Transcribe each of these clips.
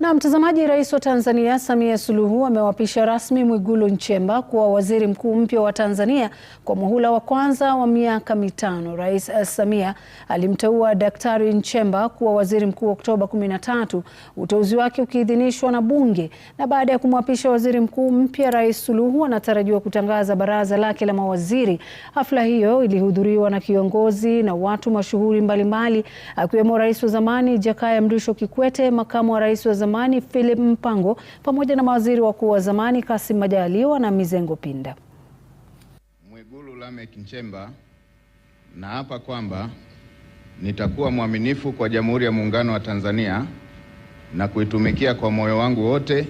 Na mtazamaji, Rais wa Tanzania Samia Suluhu amewapisha rasmi Mwigulu Nchemba kuwa waziri mkuu mpya wa Tanzania kwa muhula wa kwanza wa miaka mitano. Rais Samia alimteua Daktari Nchemba kuwa waziri mkuu Oktoba 13, uteuzi wake ukiidhinishwa na Bunge. Na baada ya kumwapisha waziri mkuu mpya, Rais Suluhu anatarajiwa kutangaza baraza lake la mawaziri. Hafla hiyo ilihudhuriwa na kiongozi na watu mashuhuri mbalimbali, akiwemo Rais wa zamani Jakaya Mrisho Kikwete, makamu wa rais wa zamani zamani Philip Mpango pamoja na mawaziri wakuu wa zamani Kassim Majaliwa na Mizengo Pinda. Mwigulu Lameck Nchemba, naapa kwamba nitakuwa mwaminifu kwa Jamhuri ya Muungano wa Tanzania na kuitumikia kwa moyo wangu wote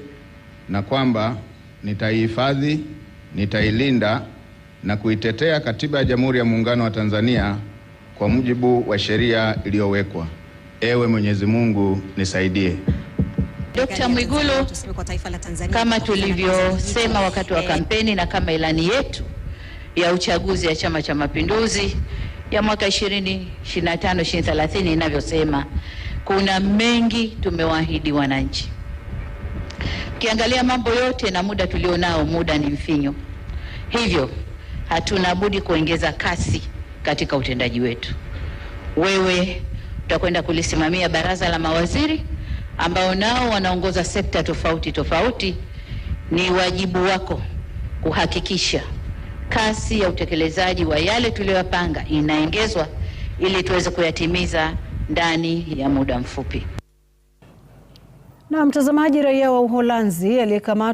na kwamba nitaihifadhi, nitailinda na kuitetea Katiba ya Jamhuri ya Muungano wa Tanzania kwa mujibu wa sheria iliyowekwa. Ewe Mwenyezi Mungu nisaidie. Dkt. Mwigulu, kama tulivyosema wakati wa kampeni na kama ilani yetu ya uchaguzi ya Chama cha Mapinduzi ya mwaka 2025 2030 inavyosema, kuna mengi tumewaahidi wananchi. Ukiangalia mambo yote na muda tulionao, muda ni mfinyo, hivyo hatuna budi kuongeza kasi katika utendaji wetu. Wewe utakwenda kulisimamia baraza la mawaziri ambao nao wanaongoza sekta tofauti tofauti, ni wajibu wako kuhakikisha kasi ya utekelezaji wa yale tuliyoyapanga inaongezwa ili tuweze kuyatimiza ndani ya muda mfupi. Na mtazamaji, raia wa Uholanzi aliyekamatwa